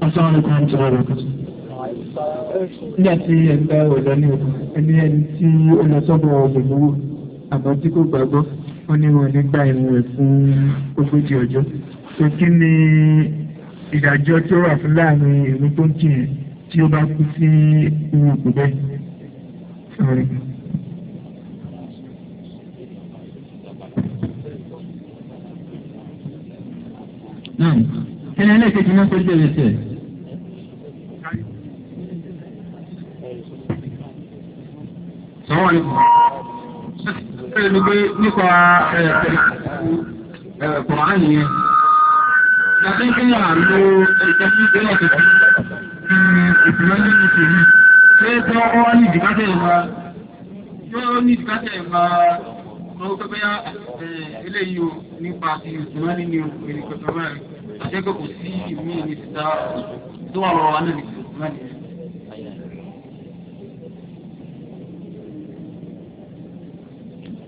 asalaamualeykum wa rahmatulahi wa barakatuh. nígbà tí ẹgbẹ́ ọ̀dọ́ ní ẹni ẹni tí ó lọ sọ́dọ̀ ògbòmọ́wò àbọ̀ tí kò gbàgbọ́ ó ní wọn nígbà ìwọ̀n rẹ̀ fún ogójì ọjọ́. tó kí ni ìdájọ́ tí ó wà fún láàrin ìlú tó ń kì í tí ó bá kú sí irú òkú bẹ́ẹ̀. náà kí ni ẹlẹ́kẹ̀ẹ́ tí wọ́n fẹ́ bẹ̀rẹ̀ Assalamu alaikum. ṣé ẹni pé nípa Kùránì yẹn yàtí kí ni à ń lo ẹ̀jẹ̀ sí ìpínlẹ̀ tuntun ní ìpínlẹ̀ nínú ìṣèlú ṣé tí wọ́n wá ní ìdíkátẹ̀ ìwà yóò ní ìdíkátẹ̀ ìwà lọ́wọ́ pé bóyá eléyìí o nípa ti ìṣúná nínú ìrìnkọ̀tọ̀ báyìí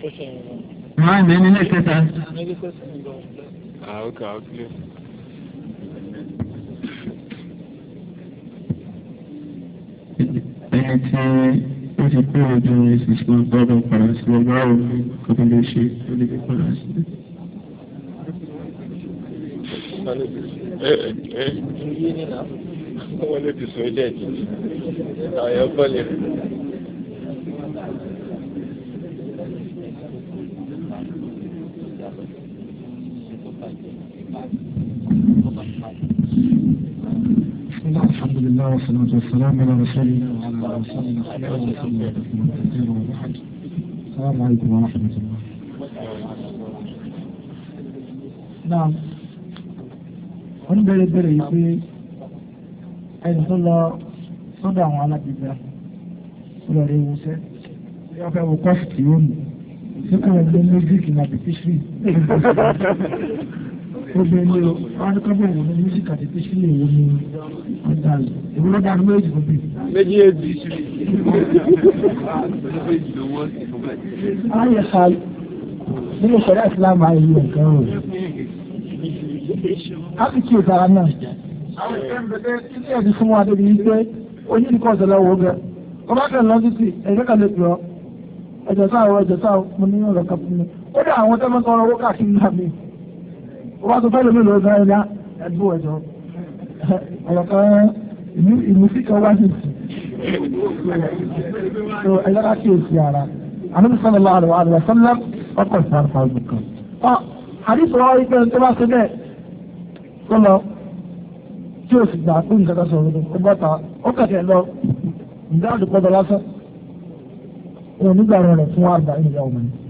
Máa mi ní ilé kẹta. Àwòkà ọ̀kílẹ̀. Ẹni tí ó ti kú ojú ẹsẹ̀ sí gbọ́dọ̀ padà sí ọgbà òní kò tó lè ṣe tó lè padà sí. Ẹ ẹ ẹ wọlé ti sọ ilé ẹ̀jẹ̀ àyẹ̀wò bọ́ọ̀lù. الله والصلاة والسلام على رسول الله وعلى آله وصحبه وسلم كثيرا وبعد السلام عليكم ورحمة الله نعم wọ́n bẹ̀rẹ̀ bẹ̀rẹ̀ yìí pé ẹni tó lọ sọ́dọ̀ àwọn alágbègbè ó lọ rí ewúsẹ́ yọ fẹ́ wo tí ó mú sí kò gbé mẹ́síkì nàbì fíṣírì gbogbo ẹni o wọn ní kọ́bọ̀ ìwọ̀n ní mísíkà ti fi sílẹ̀ ìwọ̀n ní ọ̀dà rẹ̀ èmi ló dáa méjì fún mi. méjì èjì. ayé ha nínú sọ̀rọ̀ ìsìlámù ayé yẹn kan o. ápìkì ìtara náà àwọn ìṣẹ́ǹbẹ̀tẹ̀ ilé ẹ̀dí fún wa débi wípé onídìkọ̀ ọ̀sẹ̀ lọ́wọ́ gẹ̀. ọba kan lọ sí ti ẹ̀jẹ̀ kan lè pè ọ́ ẹ̀jẹ̀ sáà ẹ̀jẹ̀ sáà mo ní ọ̀rọ̀ kan fún mi. ó dà àwọn tẹ́lẹ̀ ń tọrọ náà wọ́n tó fẹ́ lómi lọ́dọ̀ ẹ̀dá ẹ̀dúgbò ẹ̀jọ́ ọ̀rọ̀ kan ìmúsí kan wá sí so ẹ̀dá ká kíyèsí ara ànábi sallallahu alaihi wa sallam ọkọ̀ ìsàrùfà ọdún kan. àdìsọ wa wípé tó bá ṣe bẹ́ẹ̀ tó lọ tí o sì gbà pé nǹkan kan sọ̀rọ̀ ló bá ta ó kẹ̀kẹ́ lọ ìdáàdúgbọ́dọ̀ lásán òun nígbà rẹ̀ fún àgbà ìyá ọmọ yìí.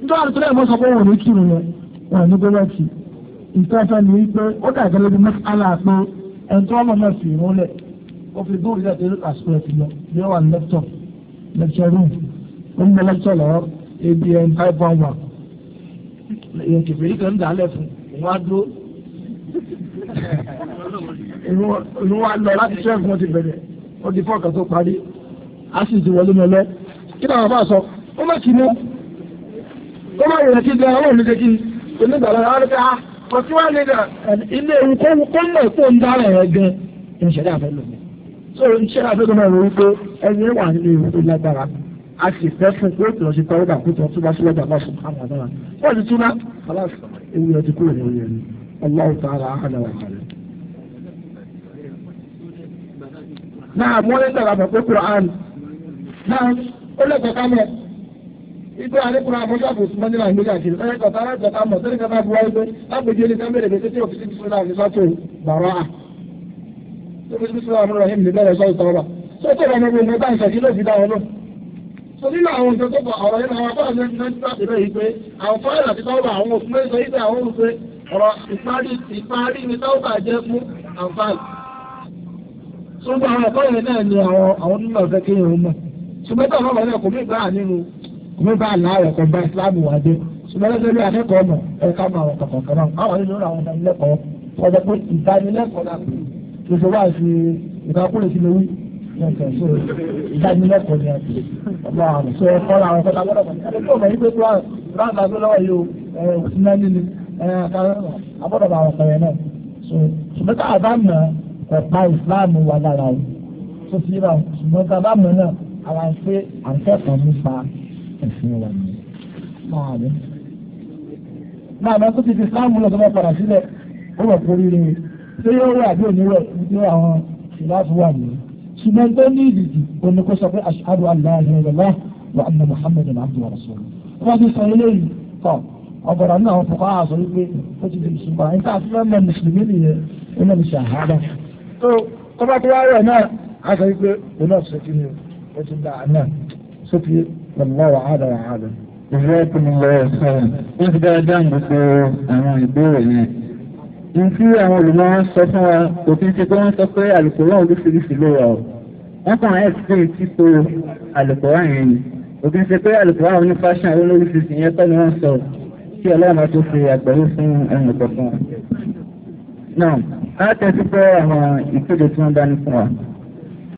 nítorí àti tẹ́lẹ̀ mọ́sán pé wọ́n ní kírun yẹn wọ́n ní gbọ́dọ̀ kí ìfẹ́fẹ́ ni wípé ó dà gẹ́gẹ́ bí mọ́sálà pé ẹni tó wọ́n mọ̀ sí ìrún lẹ̀ ó fi dúró ilé àtẹ́rẹ́ àsìkò ẹ̀sìn lọ bí wọ́n wà ní lẹ́kítọ̀ lẹ́kítọ̀ rúùm ó ń bẹ lẹ́kítọ̀ lọ́wọ́ abn five one one èèyàn kìfé yìí kan dà á lẹ̀ fún òun á dúró òun á lọ láti twelve wọn ti bẹ̀rẹ̀ ó di fọ́ọ̀kà tó parí á sì ti wọlé mọ́lẹ́ kí ni àwọn bá sọ ó má kí ni kó má yẹn kí gan ọlọ́run ṣe kí onígbàlá rárá ká ah, kò tí wọ́n lè dà ilé ewu kó kó mọ̀ kó ń dára ẹ̀ gan ìṣẹ̀dá fẹ́ lò so ìṣẹ̀dá fẹ́ lọ́mọ rẹ̀ wípé ẹni wà nílé ewu tó lágbára a sì fẹ́ fún pé kò ṣe tọrọ bàkú tó túbá sí lọ́dà lọ́sùn àwọn àdára wọ́n ti túná ewu yẹn ti kúrò ní ewu yẹn ni Allahu ta'ala àdáwà àdáwà. náà mọ́lẹ́dàgbà pé Qur'an náà ó lẹ́kọ̀ọ́ ká mọ̀ ipe alekura abọ́jà kò súnmọ́ nínú àgbéjà kiri ẹ̀yẹ kọ̀tà alájọta mọ̀ sẹ́ni kẹta bu wáyé pé lágbèjì ẹni kan bẹ̀rẹ̀ pé tí òfìsí bisimilá àti sátò bàrọ̀ à. tóbi bisimilá àmúlò rahim ní bẹ̀rẹ̀ sọ́ọ̀tọ̀ ọ̀rọ̀ tó tó wọn gbogbo nǹkan ìṣẹ̀kí ló fi dá wọn lọ. so nínú àwọn nǹkan tó kọ ọ̀rọ̀ yẹn àwọn afọ́nà ní ní sáà tẹ̀lé yìí pé àwọn fáyọ̀ àti tọ́wọ́ àwọn òfin mẹ́rin sọ yìí pé àwọn olùfẹ́ ọ̀rọ̀ ìparí ìparí ni tọ́wọ́ bá jẹ́ fún àǹfààní. so gbogbo àwọn ẹ̀kọ́ yẹn náà ni àwọn àwọn onímọ̀ ọ̀fẹ́ kéèyàn mọ̀ ṣùgbọ́n tó àwọn ọ̀rọ̀ yẹn kò ní ìgbà nínú ní bá aláwọ̀ kan bá ìsìláàmù wà dé ṣùgbọ́n lọ́sẹ̀ bí akẹ́kọ̀ọ́ mọ̀ ẹ ká máa wọ̀n kọ̀ọ̀kan náà àwọn nínú àwọn ìdánilẹ́kọ̀ọ́ ọjọ́ pé ìdánilẹ́kọ̀ọ́ náà pè é ṣe wá sí ìdákùnrin sí lówí ìdánilẹ́kọ̀ọ́ ni a pè ọmọ àwọn ṣe ẹ̀kọ́ làwọn ọ̀kọ́ta gbọ́dọ̀ pàdé àti tó mọ̀ yí pé kúrò láǹdà tó lọ́wọ́ yìí o òsì náà nínú àbọ̀dọ̀ àwọn ọ̀kọ̀ tá a bá mọ̀ ọ̀pá ìsìláàmù wà lára o tó ti yíra ṣùgbọ́n tá a bá mọ̀ náà àwọn àṣẹ àǹkẹ́kọ̀ọ́ ẹ̀sìn wa máa lọ. máa lọ tó ti fi sáàmù lọ tó bá padà sílẹ̀ ó wà pé oríire ṣé yóò wẹ̀ àbí òní wẹ̀ nítorí àwọn ìlàsù wà nìyí. ṣùgbọ́n tó ní ìdìdì òní kó sọ pé ashhadu an la ilaha illallah wa anna muhammadan abduhu wa rasuluhu. wọ́n ti sọ eléyìí tọ̀ ọ̀gọ̀rọ̀ náà fọkà àṣọ wípé ó ti di mùsùlùmá nípa àfihàn mọ́ mùsùlùmí nìyẹn ó náà ti gbà والله أعلم وأعلم. جزاكم الله خيرا. Níbi dáadáa gbogbo àwọn ìbéèrè yẹn. Nkí àwọn olùmọ̀ràn sọ fún wa kò kí n ṣe pé wọ́n sọ pé àlùkòrán oríṣiríṣi ló wà o. Wọ́n kàn án ẹ̀sìn títò àlùkòrán yẹn ni. Kò kí n ṣe pé àlùkòrán onífáṣà olóríṣiríṣi yẹn tọ́ ni wọ́n sọ kí ọlọ́run tó fi àgbẹ̀wò fún ẹnu kọ̀ọ̀kan. Náà, á tẹ́tí pé àwọn ìkéde tí wọ́n dání fún wa.